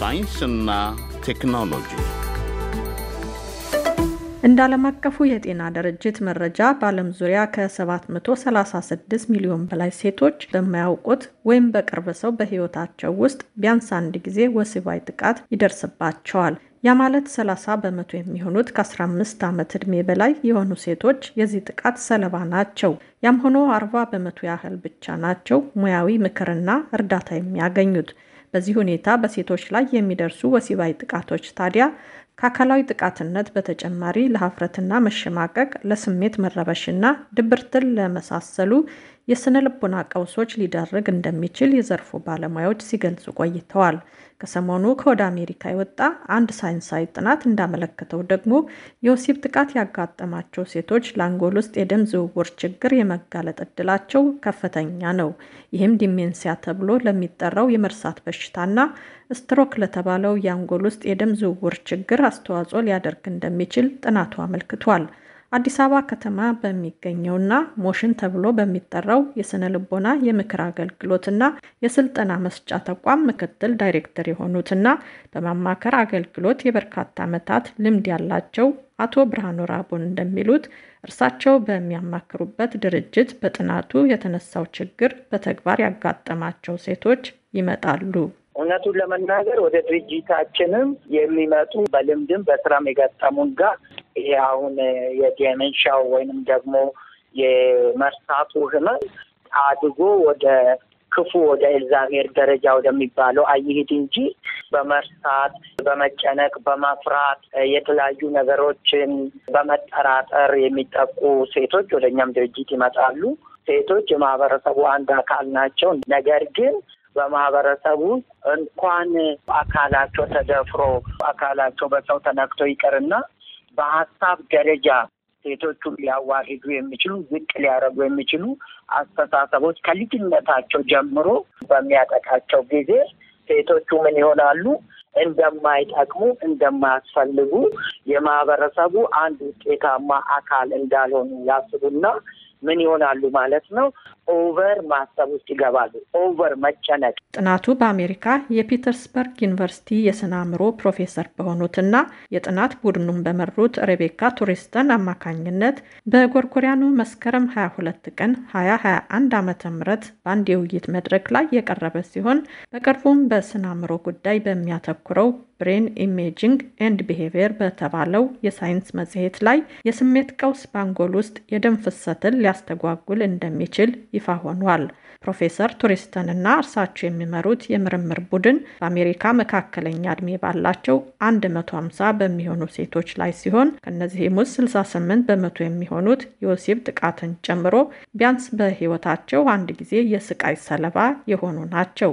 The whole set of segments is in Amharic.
ሳይንስና ቴክኖሎጂ እንደ ዓለም አቀፉ የጤና ድርጅት መረጃ በዓለም ዙሪያ ከ736 ሚሊዮን በላይ ሴቶች በማያውቁት ወይም በቅርብ ሰው በሕይወታቸው ውስጥ ቢያንስ አንድ ጊዜ ወሲባዊ ጥቃት ይደርስባቸዋል። ያ ማለት 30 በመቶ የሚሆኑት ከ15 ዓመት ዕድሜ በላይ የሆኑ ሴቶች የዚህ ጥቃት ሰለባ ናቸው። ያም ሆኖ 40 በመቶ ያህል ብቻ ናቸው ሙያዊ ምክርና እርዳታ የሚያገኙት። በዚህ ሁኔታ በሴቶች ላይ የሚደርሱ ወሲባዊ ጥቃቶች ታዲያ ከአካላዊ ጥቃትነት በተጨማሪ ለሀፍረትና መሸማቀቅ፣ ለስሜት መረበሽና ድብርትን ለመሳሰሉ የስነ ልቦና ቀውሶች ሊደርግ እንደሚችል የዘርፉ ባለሙያዎች ሲገልጹ ቆይተዋል። ከሰሞኑ ከወደ አሜሪካ የወጣ አንድ ሳይንሳዊ ጥናት እንዳመለከተው ደግሞ የወሲብ ጥቃት ያጋጠማቸው ሴቶች ለአንጎል ውስጥ የደም ዝውውር ችግር የመጋለጥ ዕድላቸው ከፍተኛ ነው። ይህም ዲሜንሲያ ተብሎ ለሚጠራው የመርሳት በሽታና ስትሮክ ለተባለው የአንጎል ውስጥ የደም ዝውውር ችግር አስተዋጽኦ ሊያደርግ እንደሚችል ጥናቱ አመልክቷል። አዲስ አበባ ከተማ በሚገኘውና ሞሽን ተብሎ በሚጠራው የስነ ልቦና የምክር አገልግሎትና የስልጠና መስጫ ተቋም ምክትል ዳይሬክተር የሆኑትና በማማከር አገልግሎት የበርካታ ዓመታት ልምድ ያላቸው አቶ ብርሃኑ ራቡን እንደሚሉት እርሳቸው በሚያማክሩበት ድርጅት በጥናቱ የተነሳው ችግር በተግባር ያጋጠማቸው ሴቶች ይመጣሉ። እውነቱን ለመናገር ወደ ድርጅታችንም የሚመጡ በልምድም በስራም የጋጠሙን ጋር ይሄ አሁን የዴሜንሻው ወይንም ደግሞ የመርሳቱ ህመም አድጎ ወደ ክፉ ወደ ኤልዛቤር ደረጃ ወደሚባለው አይሂድ እንጂ በመርሳት፣ በመጨነቅ፣ በመፍራት የተለያዩ ነገሮችን በመጠራጠር የሚጠቁ ሴቶች ወደ እኛም ድርጅት ይመጣሉ። ሴቶች የማህበረሰቡ አንድ አካል ናቸው። ነገር ግን በማህበረሰቡ እንኳን አካላቸው ተደፍሮ አካላቸው በሰው ተነክቶ ይቅርና በሀሳብ ደረጃ ሴቶቹን ሊያዋሂዱ የሚችሉ ዝቅ ሊያደርጉ የሚችሉ አስተሳሰቦች ከልጅነታቸው ጀምሮ በሚያጠቃቸው ጊዜ ሴቶቹ ምን ይሆናሉ? እንደማይጠቅሙ እንደማያስፈልጉ የማህበረሰቡ አንድ ውጤታማ አካል እንዳልሆኑ ያስቡና ምን ይሆናሉ ማለት ነው። ኦቨር ማሰብ ውስጥ ይገባሉ። ኦቨር መጨነቅ። ጥናቱ በአሜሪካ የፒተርስበርግ ዩኒቨርሲቲ የስነ አእምሮ ፕሮፌሰር በሆኑትና የጥናት ቡድኑን በመሩት ሬቤካ ቱሪስተን አማካኝነት በጎርጎሪያኑ መስከረም 22 ቀን 2021 ዓ ም በአንድ የውይይት መድረክ ላይ የቀረበ ሲሆን በቅርቡም በስነ አእምሮ ጉዳይ በሚያተኩረው ብሬን ኢሜጂንግ ኤንድ ቢሄቪየር በተባለው የሳይንስ መጽሔት ላይ የስሜት ቀውስ በአንጎል ውስጥ የደም ፍሰትን ሊያስተጓጉል እንደሚችል ይፋ ሆኗል። ፕሮፌሰር ቱሪስተንና እርሳቸው የሚመሩት የምርምር ቡድን በአሜሪካ መካከለኛ እድሜ ባላቸው 150 በሚሆኑ ሴቶች ላይ ሲሆን ከእነዚህም ውስጥ 68 በመቶ የሚሆኑት የወሲብ ጥቃትን ጨምሮ ቢያንስ በሕይወታቸው አንድ ጊዜ የስቃይ ሰለባ የሆኑ ናቸው።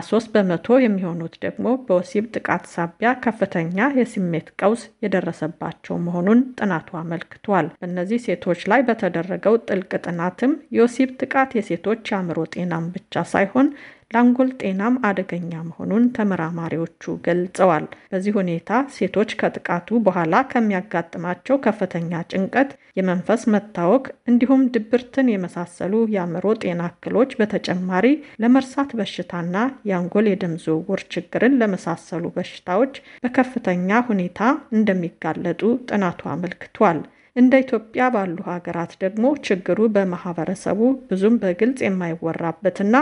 23 በመቶ የሚሆኑት ደግሞ በወሲብ ጥቃት ሳቢያ ከፍተኛ የስሜት ቀውስ የደረሰባቸው መሆኑን ጥናቱ አመልክቷል። በእነዚህ ሴቶች ላይ በተደረገው ጥልቅ ጥናትም የወሲብ ጥቃት የሴቶች የአእምሮ ጤናን ብቻ ሳይሆን ለአንጎል ጤናም አደገኛ መሆኑን ተመራማሪዎቹ ገልጸዋል። በዚህ ሁኔታ ሴቶች ከጥቃቱ በኋላ ከሚያጋጥማቸው ከፍተኛ ጭንቀት፣ የመንፈስ መታወክ እንዲሁም ድብርትን የመሳሰሉ የአእምሮ ጤና እክሎች በተጨማሪ ለመርሳት በሽታና የአንጎል የደም ዝውውር ችግርን ለመሳሰሉ በሽታዎች በከፍተኛ ሁኔታ እንደሚጋለጡ ጥናቱ አመልክቷል። እንደ ኢትዮጵያ ባሉ ሀገራት ደግሞ ችግሩ በማህበረሰቡ ብዙም በግልጽ የማይወራበትና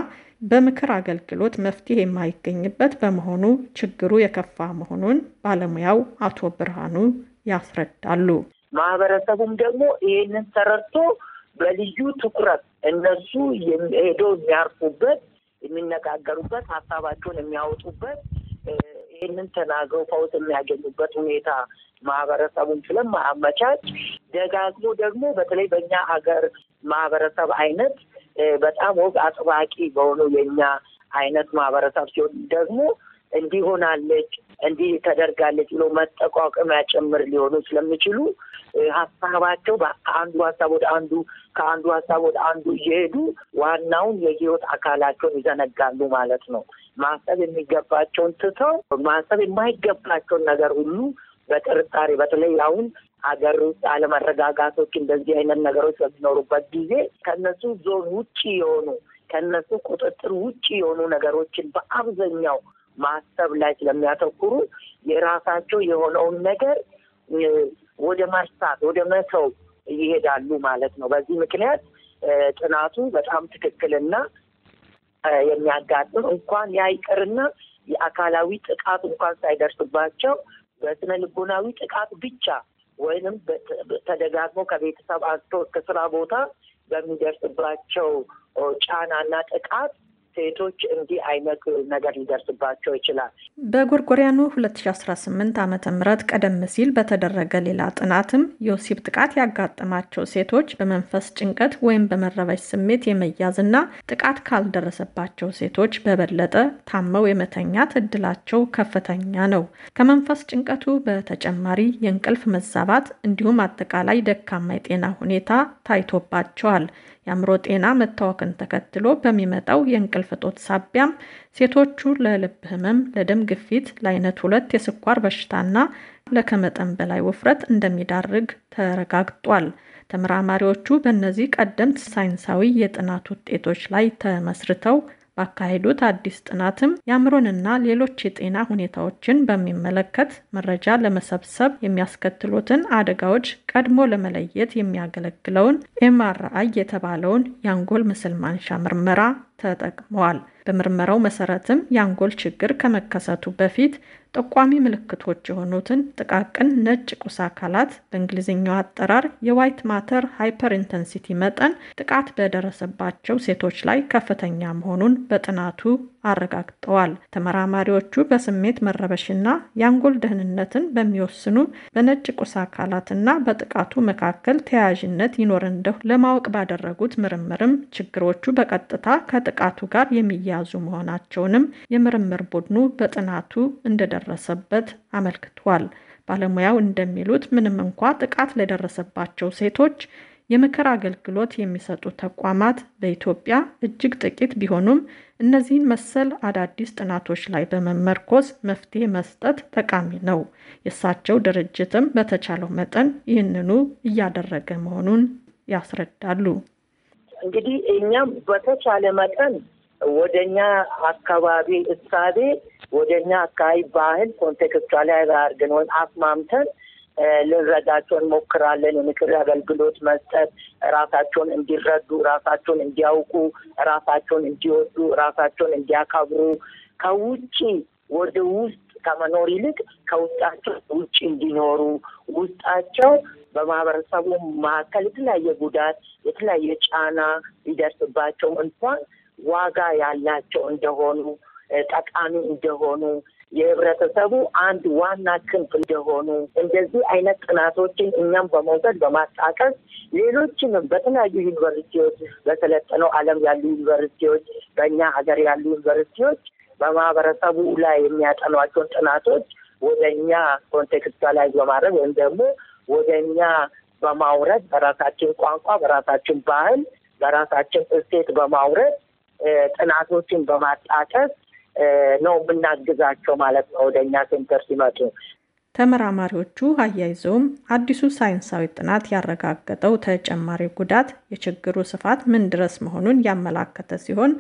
በምክር አገልግሎት መፍትሄ የማይገኝበት በመሆኑ ችግሩ የከፋ መሆኑን ባለሙያው አቶ ብርሃኑ ያስረዳሉ። ማህበረሰቡም ደግሞ ይህንን ተረድቶ በልዩ ትኩረት እነሱ ሄደው የሚያርፉበት፣ የሚነጋገሩበት፣ ሀሳባቸውን የሚያወጡበት ይህንን ተናግረው ፈውስ የሚያገኙበት ሁኔታ ማህበረሰቡን ስለማያመቻች ደጋግሞ ደግሞ በተለይ በእኛ ሀገር ማህበረሰብ አይነት በጣም ወግ አጥባቂ በሆኑ የእኛ አይነት ማህበረሰብ ሲሆን ደግሞ እንዲህ ሆናለች እንዲህ ተደርጋለች ብሎ መጠቋቀሚያ ጭምር ሊሆኑ ስለሚችሉ ሀሳባቸው አንዱ ሀሳብ ወደ አንዱ ከአንዱ ሀሳብ ወደ አንዱ እየሄዱ ዋናውን የህይወት አካላቸውን ይዘነጋሉ ማለት ነው። ማሰብ የሚገባቸውን ትተው ማሰብ የማይገባቸውን ነገር ሁሉ በጥርጣሬ በተለይ አሁን ሀገር ውስጥ አለመረጋጋቶች እንደዚህ አይነት ነገሮች በሚኖሩበት ጊዜ ከነሱ ዞን ውጭ የሆኑ ከነሱ ቁጥጥር ውጭ የሆኑ ነገሮችን በአብዛኛው ማሰብ ላይ ስለሚያተኩሩ የራሳቸው የሆነውን ነገር ወደ ማርሳት ወደ መተው ይሄዳሉ ማለት ነው። በዚህ ምክንያት ጥናቱ በጣም ትክክልና የሚያጋጥም እንኳን ያይቅርና የአካላዊ ጥቃት እንኳን ሳይደርስባቸው በስነ ልቦናዊ ጥቃት ብቻ ወይንም ተደጋግሞ ከቤተሰብ አንስቶ እስከ ስራ ቦታ በሚደርስባቸው ጫናና ጥቃት ሴቶች እንዲህ አይነት ነገር ሊደርስባቸው ይችላል። በጎርጎሪያኑ ሁለት ሺ አስራ ስምንት ቀደም ሲል በተደረገ ሌላ ጥናትም የወሲብ ጥቃት ያጋጠማቸው ሴቶች በመንፈስ ጭንቀት ወይም በመረበሽ ስሜት የመያዝና ጥቃት ካልደረሰባቸው ሴቶች በበለጠ ታመው የመተኛት እድላቸው ከፍተኛ ነው። ከመንፈስ ጭንቀቱ በተጨማሪ የእንቅልፍ መዛባት እንዲሁም አጠቃላይ ደካማ የጤና ሁኔታ ታይቶባቸዋል። የአእምሮ ጤና መታወክን ተከትሎ በሚመጣው የእንቅልፍ የእንቅልፍ እጦት ሳቢያም ሴቶቹ ለልብ ህመም፣ ለደም ግፊት፣ ለአይነት ሁለት የስኳር በሽታና ለከመጠን በላይ ውፍረት እንደሚዳርግ ተረጋግጧል። ተመራማሪዎቹ በእነዚህ ቀደምት ሳይንሳዊ የጥናት ውጤቶች ላይ ተመስርተው ባካሄዱት አዲስ ጥናትም የአእምሮንና ሌሎች የጤና ሁኔታዎችን በሚመለከት መረጃ ለመሰብሰብ የሚያስከትሉትን አደጋዎች ቀድሞ ለመለየት የሚያገለግለውን ኤምአርአይ የተባለውን የአንጎል ምስል ማንሻ ምርመራ ተጠቅመዋል። በምርመራው መሰረትም የአንጎል ችግር ከመከሰቱ በፊት ጠቋሚ ምልክቶች የሆኑትን ጥቃቅን ነጭ ቁስ አካላት በእንግሊዝኛው አጠራር የዋይት ማተር ሃይፐር ኢንተንሲቲ መጠን ጥቃት በደረሰባቸው ሴቶች ላይ ከፍተኛ መሆኑን በጥናቱ አረጋግጠዋል። ተመራማሪዎቹ በስሜት መረበሽና የአንጎል ደህንነትን በሚወስኑ በነጭ ቁስ አካላትና በጥቃቱ መካከል ተያያዥነት ይኖር እንደሁ ለማወቅ ባደረጉት ምርምርም ችግሮቹ በቀጥታ ከጥቃቱ ጋር የሚያያዙ መሆናቸውንም የምርምር ቡድኑ በጥናቱ እንደደረሰበት አመልክቷል። ባለሙያው እንደሚሉት ምንም እንኳ ጥቃት ለደረሰባቸው ሴቶች የምክር አገልግሎት የሚሰጡ ተቋማት በኢትዮጵያ እጅግ ጥቂት ቢሆኑም እነዚህን መሰል አዳዲስ ጥናቶች ላይ በመመርኮዝ መፍትሄ መስጠት ጠቃሚ ነው። የእሳቸው ድርጅትም በተቻለው መጠን ይህንኑ እያደረገ መሆኑን ያስረዳሉ። እንግዲህ እኛም በተቻለ መጠን ወደኛ አካባቢ እሳቤ ወደኛ አካባቢ ባህል ላይ አድርገን ወይም አስማምተን ልንረዳቸው እንሞክራለን። የምክር አገልግሎት መስጠት ራሳቸውን እንዲረዱ፣ ራሳቸውን እንዲያውቁ፣ ራሳቸውን እንዲወዱ፣ ራሳቸውን እንዲያከብሩ ከውጭ ወደ ውስጥ ከመኖር ይልቅ ከውስጣቸው ውጭ እንዲኖሩ ውስጣቸው በማህበረሰቡ መካከል የተለያየ ጉዳት የተለያየ ጫና ሊደርስባቸው እንኳን ዋጋ ያላቸው እንደሆኑ ጠቃሚ እንደሆኑ የህብረተሰቡ አንድ ዋና ክንፍ እንደሆኑ እንደዚህ አይነት ጥናቶችን እኛም በመውሰድ በማጣቀስ ሌሎችንም በተለያዩ ዩኒቨርሲቲዎች በሰለጠነው ዓለም ያሉ ዩኒቨርሲቲዎች፣ በእኛ ሀገር ያሉ ዩኒቨርሲቲዎች በማህበረሰቡ ላይ የሚያጠኗቸውን ጥናቶች ወደ እኛ ኮንቴክስታላይዝ በማድረግ ወይም ደግሞ ወደ እኛ በማውረድ በራሳችን ቋንቋ፣ በራሳችን ባህል፣ በራሳችን እሴት በማውረድ ጥናቶችን በማጣቀስ ነው የምናግዛቸው ማለት ነው ወደ እኛ ሴንተር ሲመጡ። ተመራማሪዎቹ አያይዘውም አዲሱ ሳይንሳዊ ጥናት ያረጋገጠው ተጨማሪ ጉዳት የችግሩ ስፋት ምን ድረስ መሆኑን ያመላከተ ሲሆን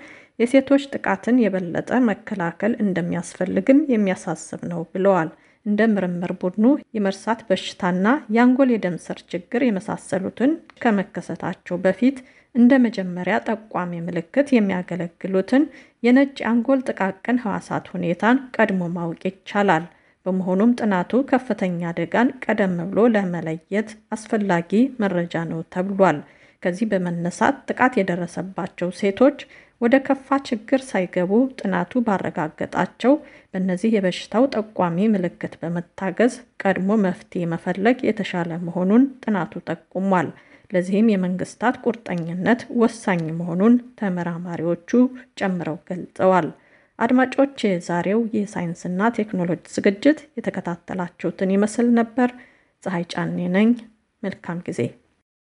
የሴቶች ጥቃትን የበለጠ መከላከል እንደሚያስፈልግም የሚያሳስብ ነው ብለዋል። እንደ ምርምር ቡድኑ የመርሳት በሽታና የአንጎል የደም ስር ችግር የመሳሰሉትን ከመከሰታቸው በፊት እንደ መጀመሪያ ጠቋሚ ምልክት የሚያገለግሉትን የነጭ አንጎል ጥቃቅን ህዋሳት ሁኔታን ቀድሞ ማወቅ ይቻላል። በመሆኑም ጥናቱ ከፍተኛ አደጋን ቀደም ብሎ ለመለየት አስፈላጊ መረጃ ነው ተብሏል። ከዚህ በመነሳት ጥቃት የደረሰባቸው ሴቶች ወደ ከፋ ችግር ሳይገቡ ጥናቱ ባረጋገጣቸው በእነዚህ የበሽታው ጠቋሚ ምልክት በመታገዝ ቀድሞ መፍትሄ መፈለግ የተሻለ መሆኑን ጥናቱ ጠቁሟል። ለዚህም የመንግስታት ቁርጠኝነት ወሳኝ መሆኑን ተመራማሪዎቹ ጨምረው ገልጸዋል። አድማጮች፣ የዛሬው የሳይንስና ቴክኖሎጂ ዝግጅት የተከታተላችሁትን ይመስል ነበር። ፀሐይ ጫኔ ነኝ። መልካም ጊዜ